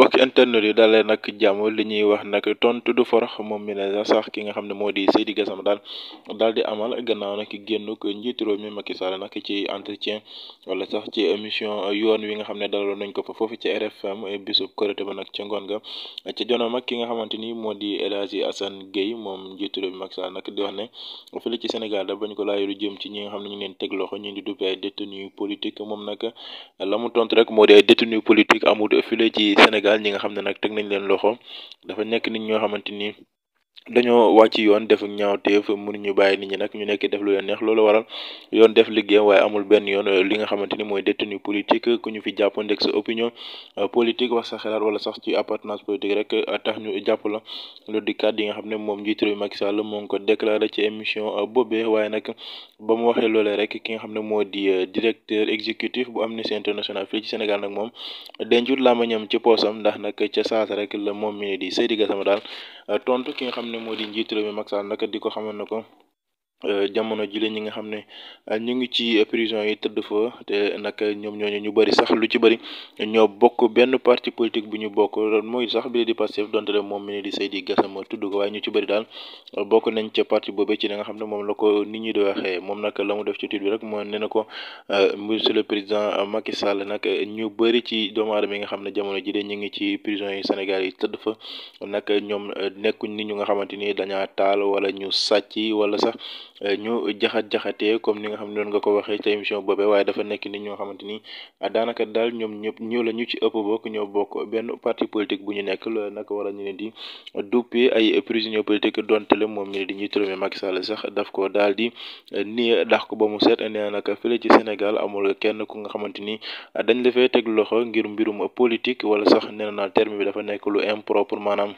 mbokki internet yi dalee nag jàmm li ñuy wax nag tontu du forox moom mi ne sax ki nga xam ne moo di Seydi Gassama daal daal di amal gannaaw nag génnuk njiitu réew mi Macky Sall nak ci entretien wala sax ci émission yoon wi nga xam ne dalaloon nañ ko fa foofu ci RFM bisub Korité ba nag ca ngoon ga ca jonoom ki nga xamante ni moo di El Hadji Assane moom njiitu réew mi Macky Sall nag di wax ne fële ci Sénégal da bañ ko laajee lu jëm ci ñi nga xam ne ñu ngi leen teg loxo ñu ngi di duppe ay détenu politique moom nag la mu tontu rek moo di ay détenu politique amul fële ci Sénégal daal ñi nga xam ne nag teg nañ leen loxo dafa nekk nit ñoo xamante ni dañoo wàcc yoon def ñaawteef mënuñu bàyyi nit ñi nag ñu nekk def lu leen neex loolu waral yoon def liggéey waaye amul benn yoon eh, li nga xamante ni mooy détenu politique ku ñu fi jàpp ndeg sa opinion eh, politique wax sa xelaat wala sax ci appartenance politique rek eh, tax ñu jàpp la lu di kàddu nga xam ne moom njiitu réew Macky Sall moo ngi ko déclaré ci émission boobee waaye nag ba mu waxee loolee rek ki nga xam ne moo di directeur exécutif bu Amnesty International fii ci Sénégal nag moom dencut làmmiñam ci poosam ndax nag ca saasa rek la moom mi di Seydi Gassama daal xam ne moo di mi Macky Sall nag di na ko. Euh, jamono jile ñi nga xam ne euh, ñu ngi ci prison yi tëdd fa te nag ñoom ñooñu ñu bëri sax lu ci bëri ñoo bokk benn parti politique bu ñu bokk mooy sax bi di Pastef donte le moom mi ni di Seydi Gassama tudd ko waaye ñu ci bëri daal bokk nañ ca parti boobee ci li nga xam ne moom la ko nit ñi di moom nag la def ci tudd bi rek mooy nee na ko euh, monsieur le président Macky Sall nag ñu bëri ci doomu aadama yi nga xam ne jamono jile ñu ngi ci prison yi Sénégal yi tëdd fa nag ñoom nekkuñ nit ñu nga xamante ni dañaa taal wala ñu sàcc wala sax ñu jaxat jaxatee comme ni nga xam ne noonu nga ko waxee ci émission boobee waaye dafa nekk nit ñoo xamante ni ah, daanaka daal ñoom ñëpp ñëw la ñu ci ëpp bokk ñëw bokk benn parti politique bu ñu nekk loolu nag wala ñu ne di duppee ay prisonniers politiques donte la moom ñu di ñuy turame Macky Sall sax daf ko daal di eh, nii dax ko ba mu seet nee nag fële ci Sénégal amul kenn ku nga xamante ni ah, dañ la fee teg loxo ngir mbirum politique wala sax nee na terme bi dafa nekk lu maanaam.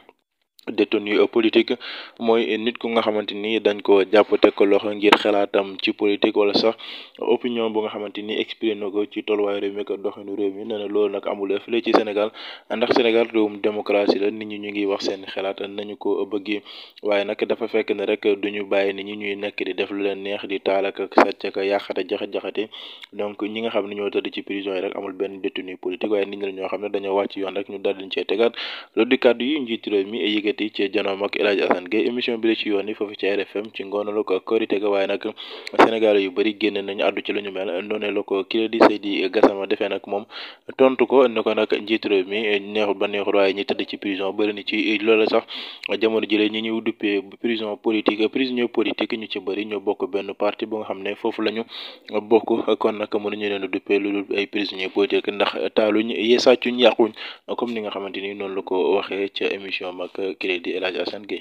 détenu politique mooy nit ku nga xamante ni dañ ko jàpp teg ko loxo ngir xalaatam ci politique wala sax opinion bu nga xamante ni exprimé na ko ci tolluwaayu réew mi ak doxinu réew mi na loolu nag amul fële ci Sénégal ndax Sénégal réewum démocratie la nit ñi ñu ngi wax seen xalaat nañu ko bëggee waaye nag dafa fekk ne rek du ñu bàyyi nit ñi ñuy nekk di def lu leen neex di taal ak sàcc ak yàqate jaxat-jaxate donc ñi nga xam ne ñoo tëdd ci prison yi rek amul benn détenu politique waaye nit ñoo xam ne dañoo wàcc yoon rek ñu daal di cee loolu di kàddu yi njiit réew mi yëkkati ci janoom ak El Hadj Assane Gueye émission bi la ci yoon yi foofu ci RFM ci ngoonu la ko korite ga waaye nag Sénégal yu bëri génn nañu àddu ci lu ñu mel noonu la ko kii di Seydi Gassama defee moom tontu ko ne ko nag mi neexul ba neexul waaye ñi tëdd ci prison bëri ci loolu sax jamono jëlee ñi ñu duppee prison politique prisonnier politique ñu ci bëri ñoo bokk benn parti bu nga xam ne foofu la ñu bokk kon nag mënuñu leen duppee lu dul ay prisonnier kii di El Hadj